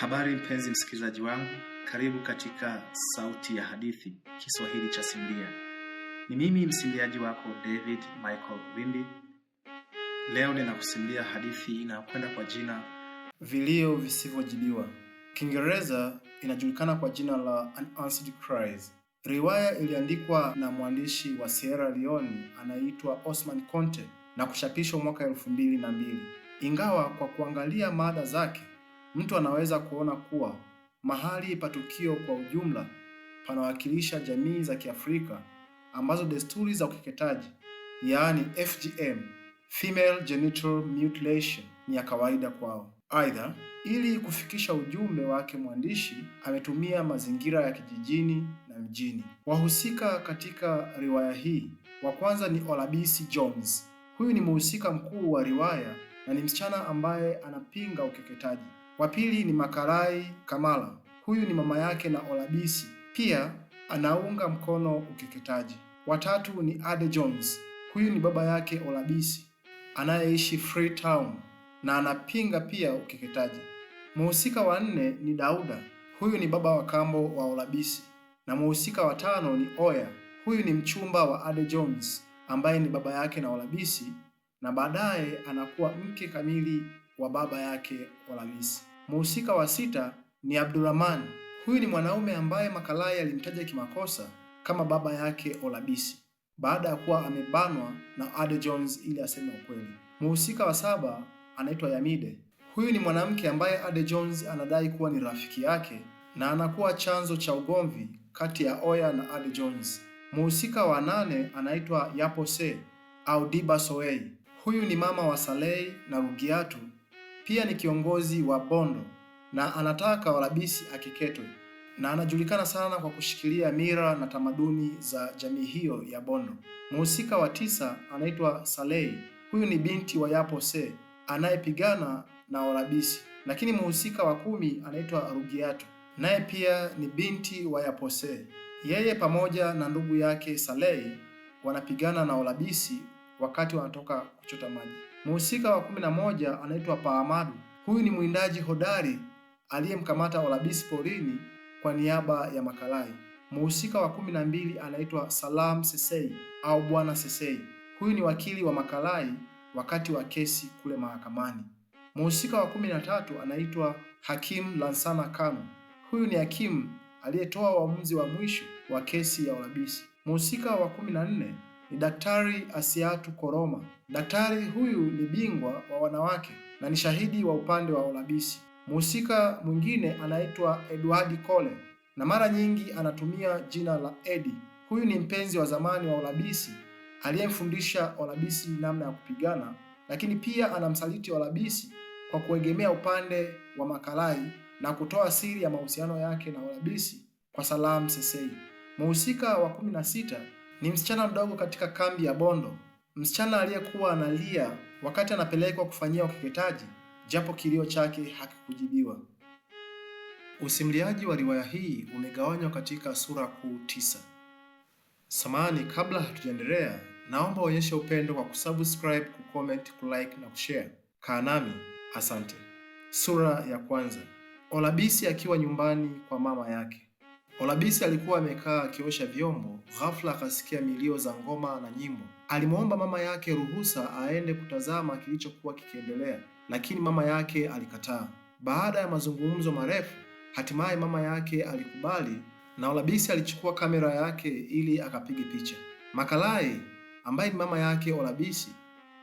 Habari mpenzi msikilizaji wangu, karibu katika Sauti ya Hadithi Kiswahili cha Simbia. Ni mimi msimbiaji wako David Michael Windi. Leo ninakusimbia hadithi inayokwenda kwa jina Vilio Visivyojibiwa. Kiingereza inajulikana kwa jina la Unanswered Cries. Riwaya iliandikwa na mwandishi wa Sierra Leone anaitwa Osman Conte na kuchapishwa mwaka elfu mbili na mbili. Ingawa kwa kuangalia mada zake mtu anaweza kuona kuwa mahali pa tukio kwa ujumla panawakilisha jamii za Kiafrika ambazo desturi za ukeketaji, yaani FGM, female genital mutilation, ni ya kawaida kwao. Aidha, ili kufikisha ujumbe wake mwandishi ametumia mazingira ya kijijini na mjini. Wahusika katika riwaya hii, wa kwanza ni Olabisi Jones. Huyu ni mhusika mkuu wa riwaya na ni msichana ambaye anapinga ukeketaji. Wa pili ni Makalai Kamala, huyu ni mama yake na Olabisi, pia anaunga mkono ukeketaji. Watatu ni Ade Jones, huyu ni baba yake Olabisi anayeishi Freetown na anapinga pia ukeketaji. Mhusika wa nne ni Dauda, huyu ni baba wa kambo wa Olabisi, na mhusika wa tano ni Oya, huyu ni mchumba wa Ade Jones ambaye ni baba yake na Olabisi na baadaye anakuwa mke kamili wa baba yake Olabisi. Mhusika wa sita ni Abdurrahman. Huyu ni mwanaume ambaye Makalai alimtaja kimakosa kama baba yake Olabisi baada ya kuwa amebanwa na Ade Jones ili aseme ukweli. Mhusika wa saba anaitwa Yamide. Huyu ni mwanamke ambaye Ade Jones anadai kuwa ni rafiki yake na anakuwa chanzo cha ugomvi kati ya Oya na Ade Jones. Mhusika wa nane anaitwa Yapose au Diba Soei. Huyu ni mama wa Salei na Rugiatu pia ni kiongozi wa Bondo na anataka Walabisi akeketwe, na anajulikana sana kwa kushikilia mila na tamaduni za jamii hiyo ya Bondo. Mhusika wa tisa anaitwa Salei. Huyu ni binti wa Yapose anayepigana na Walabisi, lakini mhusika wa kumi anaitwa Rugiato, naye pia ni binti wa Yapose. Yeye pamoja na ndugu yake Salei wanapigana na Walabisi wakati wanatoka kuchota maji. Mhusika wa kumi na moja anaitwa Paamadu. Huyu ni mwindaji hodari aliyemkamata Olabisi porini kwa niaba ya Makalai. Mhusika wa kumi na mbili anaitwa Salam Sesei au Bwana Sesei. Huyu ni wakili wa Makalai wakati wa kesi kule mahakamani. Mhusika wa kumi na tatu anaitwa Hakim Lansana Kano. Huyu ni hakimu aliyetoa uamuzi wa mwisho wa kesi ya Olabisi. Mhusika wa kumi na nne ni Daktari Asiatu Koroma. Daktari huyu ni bingwa wa wanawake na ni shahidi wa upande wa ulabisi. Mhusika mwingine anaitwa Edward Cole na mara nyingi anatumia jina la Edi. Huyu ni mpenzi wa zamani wa ulabisi aliyemfundisha Olabisi namna ya kupigana, lakini pia anamsaliti Olabisi kwa kuegemea upande wa Makalai na kutoa siri ya mahusiano yake na Olabisi kwa Salamu Sesei. Mhusika wa kumi na sita ni msichana mdogo katika kambi ya Bondo, msichana aliyekuwa analia wakati anapelekwa kufanyia ukeketaji, japo kilio chake hakikujibiwa. Usimuliaji wa riwaya hii umegawanywa katika sura kuu tisa. Samahani, kabla hatujaendelea, naomba uonyeshe upendo kwa kusubscribe, kucomment, kulike na kushare. Kaa nami, asante. Sura ya kwanza. Olabisi akiwa nyumbani kwa mama yake. Olabisi alikuwa amekaa akiosha vyombo, ghafla akasikia milio za ngoma na nyimbo. Alimwomba mama yake ruhusa aende kutazama kilichokuwa kikiendelea, lakini mama yake alikataa. Baada ya mazungumzo marefu, hatimaye mama yake alikubali na Olabisi alichukua kamera yake ili akapige picha. Makalai ambaye ni mama yake Olabisi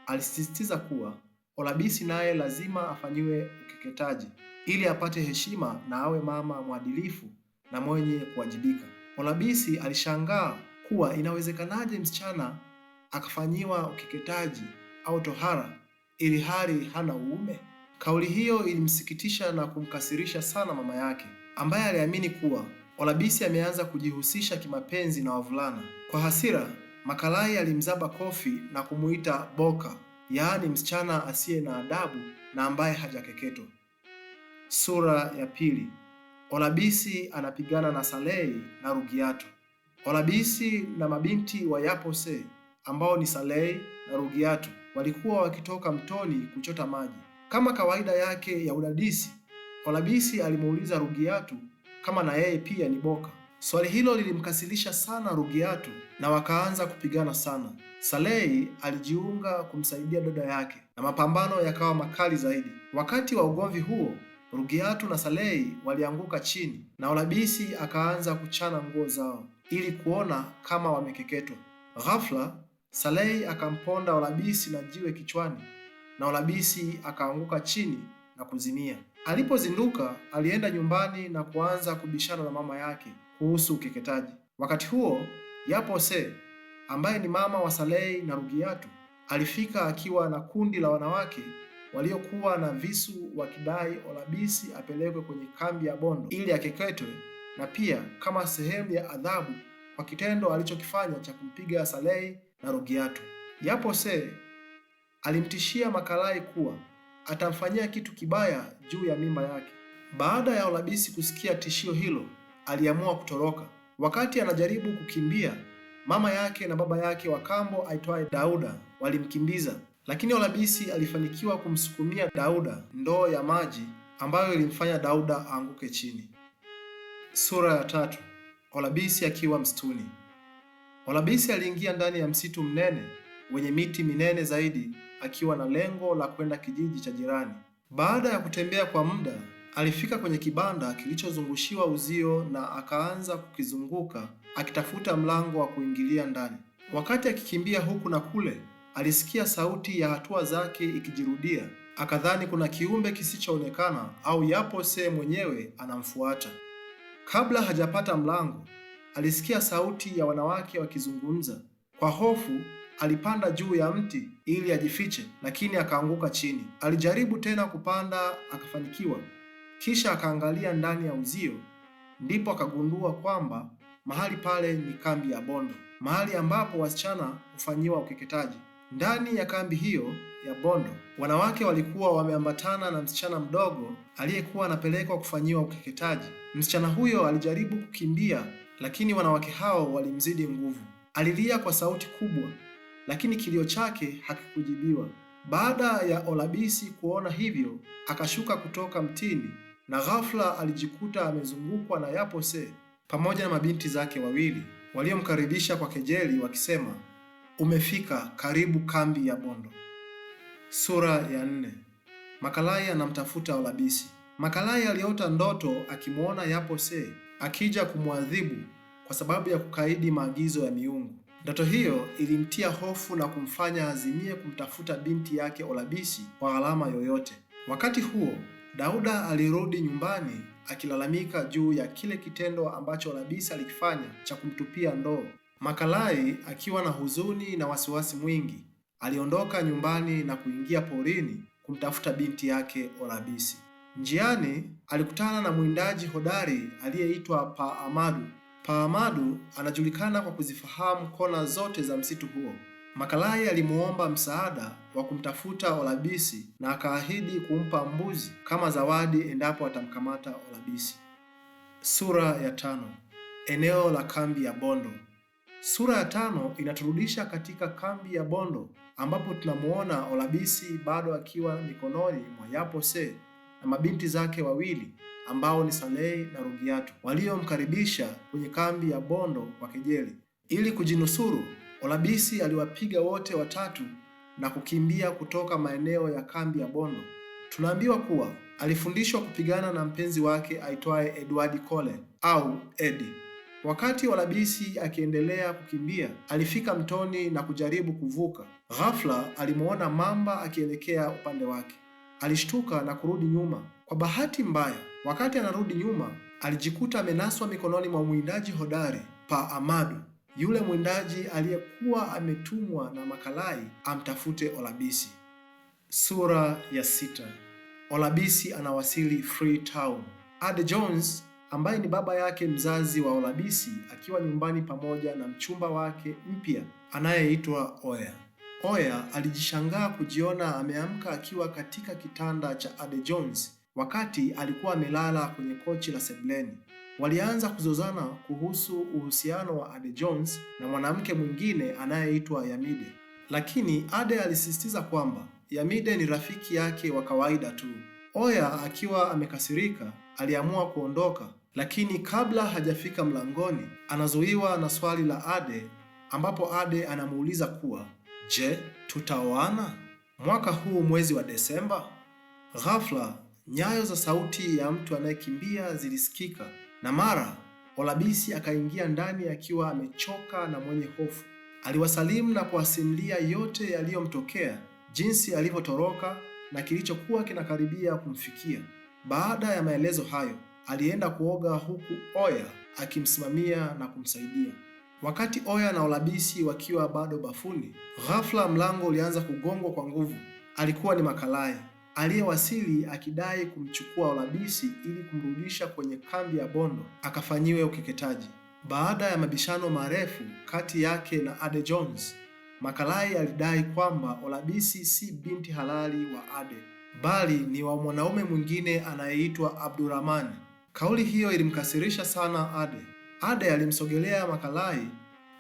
alisisitiza kuwa Olabisi naye lazima afanyiwe ukeketaji ili apate heshima na awe mama mwadilifu na mwenye kuwajibika. Olabisi alishangaa kuwa inawezekanaje msichana akafanyiwa ukeketaji au tohara ili hali hana uume. Kauli hiyo ilimsikitisha na kumkasirisha sana mama yake ambaye aliamini kuwa Olabisi ameanza kujihusisha kimapenzi na wavulana. Kwa hasira, Makalai alimzaba kofi na kumuita boka, yaani msichana asiye na adabu na ambaye hajakeketwa. Sura ya pili. Olabisi anapigana na Salei na Rugiato. Olabisi na mabinti wa Yapose ambao ni Salei na Rugiato walikuwa wakitoka mtoni kuchota maji. Kama kawaida yake ya udadisi, Olabisi alimuuliza Rugiatu kama na yeye pia ni boka. Swali hilo lilimkasilisha sana Rugiatu na wakaanza kupigana sana. Salei alijiunga kumsaidia dada yake na mapambano yakawa makali zaidi. Wakati wa ugomvi huo Rugiatu na Salei walianguka chini na Olabisi akaanza kuchana nguo zao ili kuona kama wamekeketwa. Ghafla Salei akamponda Olabisi na jiwe kichwani na Olabisi akaanguka chini na kuzimia. Alipozinduka alienda nyumbani na kuanza kubishana na mama yake kuhusu ukeketaji. Wakati huo Yapose ambaye ni mama wa Salei na Rugiatu alifika akiwa na kundi la wanawake waliokuwa na visu wakidai Olabisi apelekwe kwenye kambi ya Bondo ili akeketwe na pia kama sehemu ya adhabu kwa kitendo alichokifanya cha kumpiga Salei na Rogiatu. Yapo se alimtishia Makalai kuwa atamfanyia kitu kibaya juu ya mimba yake. Baada ya Olabisi kusikia tishio hilo, aliamua kutoroka. Wakati anajaribu kukimbia, mama yake na baba yake wa kambo aitwaye Dauda walimkimbiza lakini Olabisi alifanikiwa kumsukumia Dauda ndoo ya maji ambayo ilimfanya Dauda aanguke chini. Sura ya tatu. Olabisi akiwa msituni. Olabisi aliingia ndani ya msitu mnene wenye miti minene zaidi akiwa na lengo la kwenda kijiji cha jirani. Baada ya kutembea kwa muda, alifika kwenye kibanda kilichozungushiwa uzio na akaanza kukizunguka akitafuta mlango wa kuingilia ndani. Wakati akikimbia huku na kule, Alisikia sauti ya hatua zake ikijirudia, akadhani kuna kiumbe kisichoonekana au yapo see mwenyewe anamfuata. Kabla hajapata mlango, alisikia sauti ya wanawake wakizungumza. Kwa hofu alipanda juu ya mti ili ajifiche, lakini akaanguka chini. Alijaribu tena kupanda akafanikiwa, kisha akaangalia ndani ya uzio, ndipo akagundua kwamba mahali pale ni kambi ya Bondo, mahali ambapo wasichana hufanyiwa ukeketaji. Ndani ya kambi hiyo ya Bondo, wanawake walikuwa wameambatana na msichana mdogo aliyekuwa anapelekwa kufanyiwa ukeketaji. Msichana huyo alijaribu kukimbia, lakini wanawake hao walimzidi nguvu. Alilia kwa sauti kubwa, lakini kilio chake hakikujibiwa. Baada ya Olabisi kuona hivyo, akashuka kutoka mtini na ghafla alijikuta amezungukwa na Yapose pamoja na mabinti zake wawili waliomkaribisha kwa kejeli wakisema Umefika karibu kambi ya Bondo. Sura ya nne. Makalai anamtafuta Olabisi. Makalai aliota ndoto akimwona Yapose akija kumwadhibu kwa sababu ya kukaidi maagizo ya miungu. Ndoto hiyo ilimtia hofu na kumfanya azimie kumtafuta binti yake Olabisi kwa alama yoyote. Wakati huo, Dauda alirudi nyumbani akilalamika juu ya kile kitendo ambacho Olabisi alikifanya cha kumtupia ndoo Makalai akiwa na huzuni na wasiwasi mwingi, aliondoka nyumbani na kuingia porini kumtafuta binti yake Olabisi. Njiani alikutana na mwindaji hodari aliyeitwa Paamadu. Paamadu anajulikana kwa kuzifahamu kona zote za msitu huo. Makalai alimuomba msaada wa kumtafuta Olabisi na akaahidi kumpa mbuzi kama zawadi endapo atamkamata Olabisi. Sura ya tano: eneo la kambi ya Bondo. Sura ya tano inaturudisha katika kambi ya Bondo ambapo tunamuona Olabisi bado akiwa mikononi mwa Yapose na mabinti zake wawili ambao ni Salei na Rugiatu waliomkaribisha kwenye kambi ya Bondo kwa kejeli. Ili kujinusuru, Olabisi aliwapiga wote watatu na kukimbia kutoka maeneo ya kambi ya Bondo. Tunaambiwa kuwa alifundishwa kupigana na mpenzi wake aitwaye Edward Cole au Edi. Wakati Walabisi akiendelea kukimbia, alifika mtoni na kujaribu kuvuka. Ghafla alimwona mamba akielekea upande wake. Alishtuka na kurudi nyuma. Kwa bahati mbaya, wakati anarudi nyuma, alijikuta amenaswa mikononi mwa mwindaji hodari Pa Amadu, yule mwindaji aliyekuwa ametumwa na Makalai amtafute Olabisi. Sura ya sita. Olabisi anawasili Freetown. Ade Jones ambaye ni baba yake mzazi wa Olabisi akiwa nyumbani pamoja na mchumba wake mpya anayeitwa Oya. Oya alijishangaa kujiona ameamka akiwa katika kitanda cha Ade Jones wakati alikuwa amelala kwenye kochi la sebuleni. Walianza kuzozana kuhusu uhusiano wa Ade Jones na mwanamke mwingine anayeitwa Yamide, lakini Ade alisisitiza kwamba Yamide ni rafiki yake wa kawaida tu. Oya akiwa amekasirika aliamua kuondoka, lakini kabla hajafika mlangoni, anazuiwa na swali la Ade, ambapo Ade anamuuliza kuwa je, tutaoana mwaka huu mwezi wa Desemba? Ghafla nyayo za sauti ya mtu anayekimbia zilisikika na mara Olabisi akaingia ndani akiwa amechoka na mwenye hofu. Aliwasalimu na kuwasimulia yote yaliyomtokea, jinsi alivyotoroka na kilichokuwa kinakaribia kumfikia. Baada ya maelezo hayo, alienda kuoga huku Oya akimsimamia na kumsaidia. Wakati Oya na Olabisi wakiwa bado bafuni, ghafla mlango ulianza kugongwa kwa nguvu. Alikuwa ni Makalai aliyewasili akidai kumchukua Olabisi ili kumrudisha kwenye kambi ya Bondo akafanyiwe ukeketaji. Baada ya mabishano marefu kati yake na Ade Jones, Makalai alidai kwamba Olabisi si binti halali wa Ade bali ni wa mwanaume mwingine anayeitwa Abdurahmani. Kauli hiyo ilimkasirisha sana Ade. Ade alimsogelea Makalai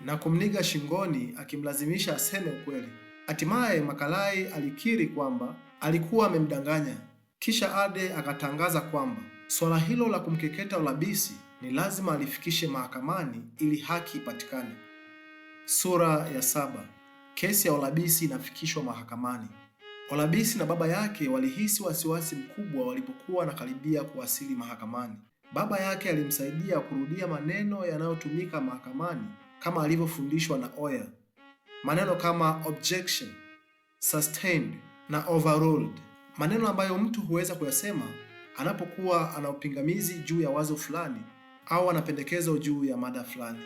na kumniga shingoni akimlazimisha aseme ukweli. Hatimaye Makalai alikiri kwamba alikuwa amemdanganya. Kisha Ade akatangaza kwamba swala hilo la kumkeketa ulabisi ni lazima alifikishe mahakamani ili haki ipatikane. Sura ya saba. Kesi ya Ulabisi inafikishwa mahakamani. Olabisi na baba yake walihisi wasiwasi mkubwa walipokuwa wanakaribia kuwasili mahakamani. Baba yake alimsaidia kurudia maneno yanayotumika mahakamani kama alivyofundishwa na Oya, maneno kama objection, sustained na overruled, maneno ambayo mtu huweza kuyasema anapokuwa ana upingamizi juu ya wazo fulani au anapendekezo juu ya mada fulani.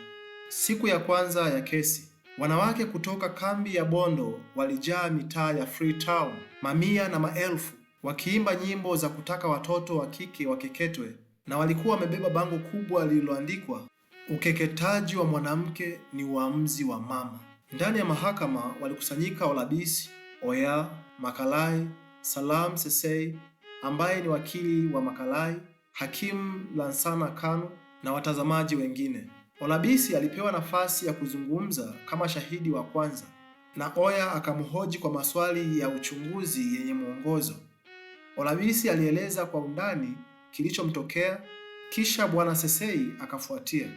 Siku ya kwanza ya kesi Wanawake kutoka kambi ya Bondo walijaa mitaa ya Freetown, mamia na maelfu wakiimba nyimbo za kutaka watoto wa kike wakeketwe, na walikuwa wamebeba bango kubwa lililoandikwa ukeketaji wa mwanamke ni uamuzi wa mama. Ndani ya mahakama walikusanyika Olabisi Oya Makalai, Salam Sesei ambaye ni wakili wa Makalai, hakimu Lansana Kanu na watazamaji wengine. Olabisi alipewa nafasi ya kuzungumza kama shahidi wa kwanza na Oya akamhoji kwa maswali ya uchunguzi yenye mwongozo. Olabisi alieleza kwa undani kilichomtokea, kisha Bwana Sesei akafuatia.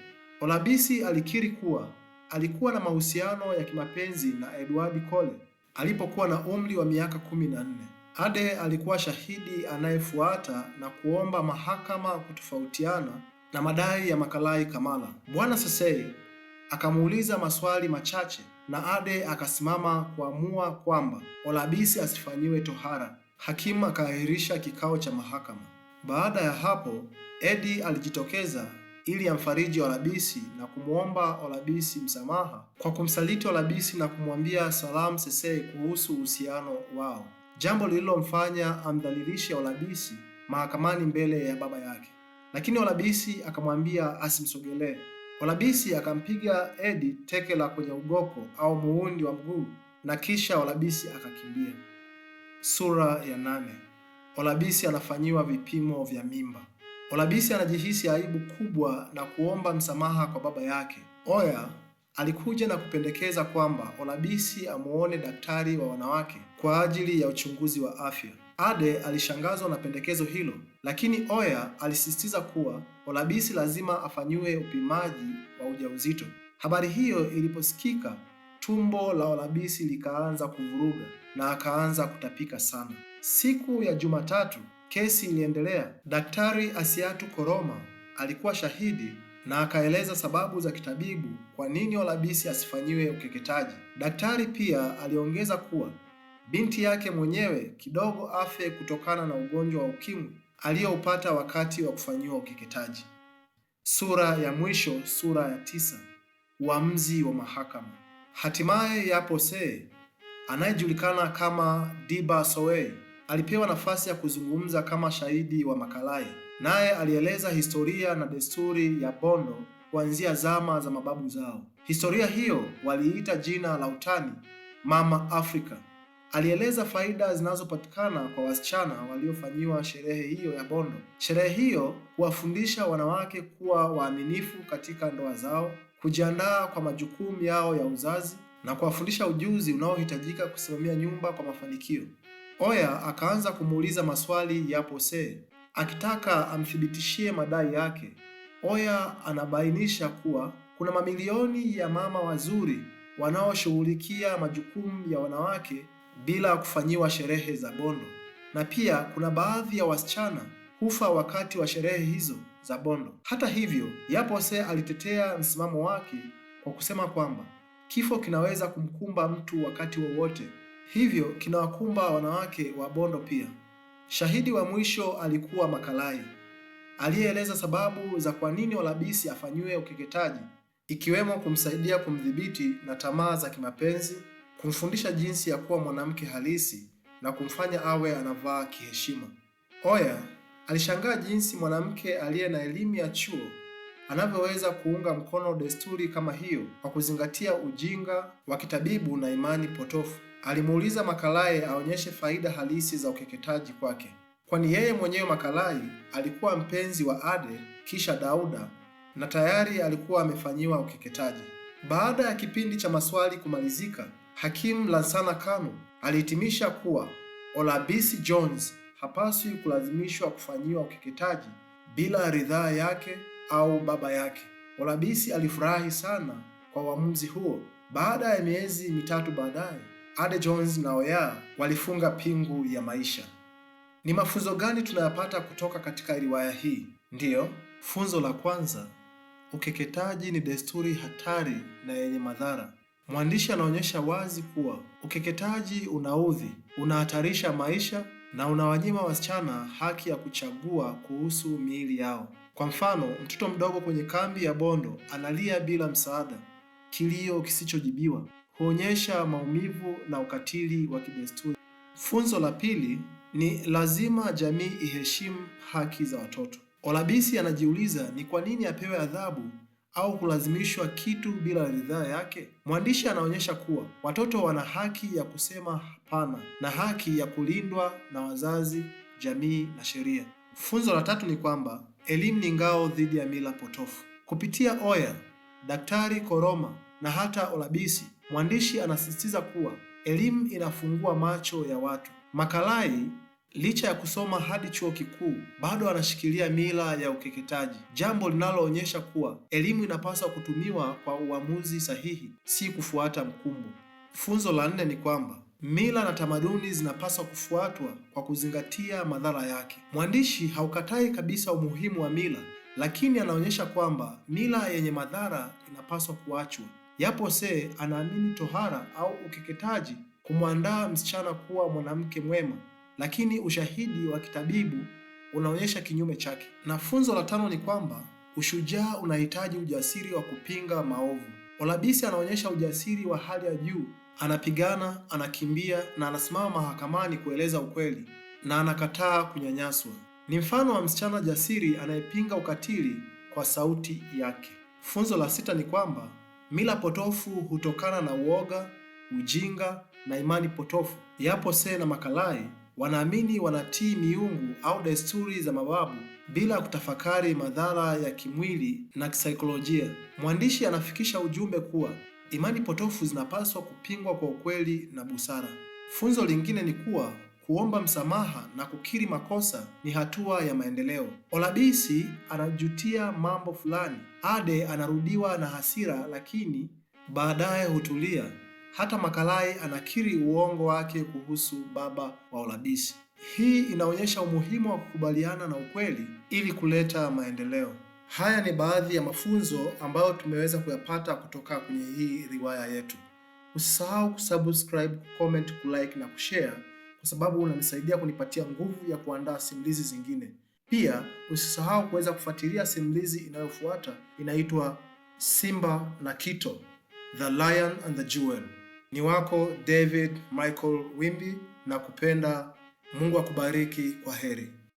Olabisi alikiri kuwa alikuwa na mahusiano ya kimapenzi na Edward Cole alipokuwa na umri wa miaka kumi na nne. Ade alikuwa shahidi anayefuata na kuomba mahakama kutofautiana na madai ya Makalai Kamala. Bwana Sesei akamuuliza maswali machache na Ade akasimama kuamua kwamba Olabisi asifanyiwe tohara. Hakimu akaahirisha kikao cha mahakama. Baada ya hapo, Edi alijitokeza ili amfariji Olabisi na kumwomba Olabisi msamaha kwa kumsaliti Olabisi na kumwambia salamu Sesei kuhusu uhusiano wao, jambo lililomfanya amdhalilishe Olabisi mahakamani mbele ya baba yake lakini Olabisi akamwambia asimsogelee. Olabisi akampiga Edi teke la kwenye ugoko au muundi wa mguu na kisha Olabisi akakimbia. Sura ya nane. Olabisi anafanyiwa vipimo vya mimba. Olabisi anajihisi aibu kubwa na kuomba msamaha kwa baba yake. Oya alikuja na kupendekeza kwamba Olabisi amuone daktari wa wanawake kwa ajili ya uchunguzi wa afya. Ade alishangazwa na pendekezo hilo, lakini Oya alisisitiza kuwa Olabisi lazima afanyiwe upimaji wa ujauzito. Habari hiyo iliposikika, tumbo la Olabisi likaanza kuvuruga na akaanza kutapika sana. Siku ya Jumatatu kesi iliendelea. Daktari Asiatu Koroma alikuwa shahidi na akaeleza sababu za kitabibu kwa nini Olabisi asifanyiwe ukeketaji. Daktari pia aliongeza kuwa binti yake mwenyewe kidogo afe kutokana na ugonjwa wa ukimwi aliyoupata wakati wa kufanyiwa ukeketaji. Sura ya mwisho, sura ya tisa. Uamuzi wa mahakama. Hatimaye Yapo se anayejulikana kama Diba Soei alipewa nafasi ya kuzungumza kama shahidi wa makalai, naye alieleza historia na desturi ya Bondo kuanzia zama za mababu zao. Historia hiyo waliita jina la utani Mama Afrika. Alieleza faida zinazopatikana kwa wasichana waliofanyiwa sherehe hiyo ya Bondo. Sherehe hiyo huwafundisha wanawake kuwa waaminifu katika ndoa zao, kujiandaa kwa majukumu yao ya uzazi na kuwafundisha ujuzi unaohitajika kusimamia nyumba kwa mafanikio. Oya akaanza kumuuliza maswali ya Pose akitaka amthibitishie madai yake. Oya anabainisha kuwa kuna mamilioni ya mama wazuri wanaoshughulikia majukumu ya wanawake bila kufanyiwa sherehe za bondo, na pia kuna baadhi ya wasichana hufa wakati wa sherehe hizo za bondo. Hata hivyo, se alitetea msimamo wake kwa kusema kwamba kifo kinaweza kumkumba mtu wakati wowote wa hivyo kinawakumba wanawake wa bondo pia. Shahidi wa mwisho alikuwa Makalai aliyeeleza sababu za kwa nini walabisi afanyiwe ukeketaji ikiwemo kumsaidia kumdhibiti na tamaa za kimapenzi kumfundisha jinsi ya kuwa mwanamke halisi na kumfanya awe anavaa kiheshima. Oya alishangaa jinsi mwanamke aliye na elimu ya chuo anavyoweza kuunga mkono desturi kama hiyo kwa kuzingatia ujinga wa kitabibu na imani potofu. Alimuuliza Makalai aonyeshe faida halisi za ukeketaji kwake, kwani yeye mwenyewe Makalai alikuwa mpenzi wa Ade kisha Dauda na tayari alikuwa amefanyiwa ukeketaji. Baada ya kipindi cha maswali kumalizika Hakim Lansana Kanu alihitimisha kuwa Olabisi Jones hapaswi kulazimishwa kufanyiwa ukeketaji bila ridhaa yake au baba yake. Olabisi alifurahi sana kwa uamuzi huo. Baada ya miezi mitatu baadaye, Ade Jones na Oya walifunga pingu ya maisha. Ni mafunzo gani tunayapata kutoka katika riwaya hii? Ndiyo, funzo la kwanza, ukeketaji ni desturi hatari na yenye madhara. Mwandishi anaonyesha wazi kuwa ukeketaji unaudhi, unahatarisha maisha na unawanyima wasichana haki ya kuchagua kuhusu miili yao. Kwa mfano, mtoto mdogo kwenye kambi ya Bondo analia bila msaada. Kilio kisichojibiwa huonyesha maumivu na ukatili wa kidesturi. Funzo la pili ni lazima jamii iheshimu haki za watoto. Olabisi anajiuliza ni kwa nini apewe adhabu au kulazimishwa kitu bila ridhaa yake? Mwandishi anaonyesha kuwa watoto wana haki ya kusema hapana na haki ya kulindwa na wazazi, jamii na sheria. Funzo la tatu ni kwamba elimu ni ngao dhidi ya mila potofu. Kupitia Oya, Daktari Koroma na hata Olabisi, mwandishi anasisitiza kuwa elimu inafungua macho ya watu. Makalai licha ya kusoma hadi chuo kikuu bado anashikilia mila ya ukeketaji, jambo linaloonyesha kuwa elimu inapaswa kutumiwa kwa uamuzi sahihi, si kufuata mkumbo. Funzo la nne ni kwamba mila na tamaduni zinapaswa kufuatwa kwa kuzingatia madhara yake. Mwandishi haukatai kabisa umuhimu wa mila, lakini anaonyesha kwamba mila yenye madhara inapaswa kuachwa. Yapo se anaamini tohara au ukeketaji kumwandaa msichana kuwa mwanamke mwema lakini ushahidi wa kitabibu unaonyesha kinyume chake. Na funzo la tano ni kwamba ushujaa unahitaji ujasiri wa kupinga maovu. Olabisi anaonyesha ujasiri wa hali ya juu, anapigana, anakimbia na anasimama mahakamani kueleza ukweli na anakataa kunyanyaswa. Ni mfano wa msichana jasiri anayepinga ukatili kwa sauti yake. Funzo la sita ni kwamba mila potofu hutokana na uoga, ujinga na imani potofu. Yapo See na Makalai Wanaamini wanatii miungu au desturi za mababu bila kutafakari madhara ya kimwili na kisaikolojia. Mwandishi anafikisha ujumbe kuwa imani potofu zinapaswa kupingwa kwa ukweli na busara. Funzo lingine ni kuwa kuomba msamaha na kukiri makosa ni hatua ya maendeleo. Olabisi anajutia mambo fulani. Ade anarudiwa na hasira, lakini baadaye hutulia. Hata Makalai anakiri uongo wake kuhusu baba wa Oladishi. Hii inaonyesha umuhimu wa kukubaliana na ukweli ili kuleta maendeleo. Haya ni baadhi ya mafunzo ambayo tumeweza kuyapata kutoka kwenye hii riwaya yetu. Usisahau kusubscribe, comment, kulike na kushare kwa sababu unanisaidia kunipatia nguvu ya kuandaa simulizi zingine. Pia usisahau kuweza kufuatilia simulizi inayofuata inaitwa Simba na Kito, The Lion and the Jewel. Ni wako David Michael Wimbi na kupenda. Mungu akubariki. Kwa heri.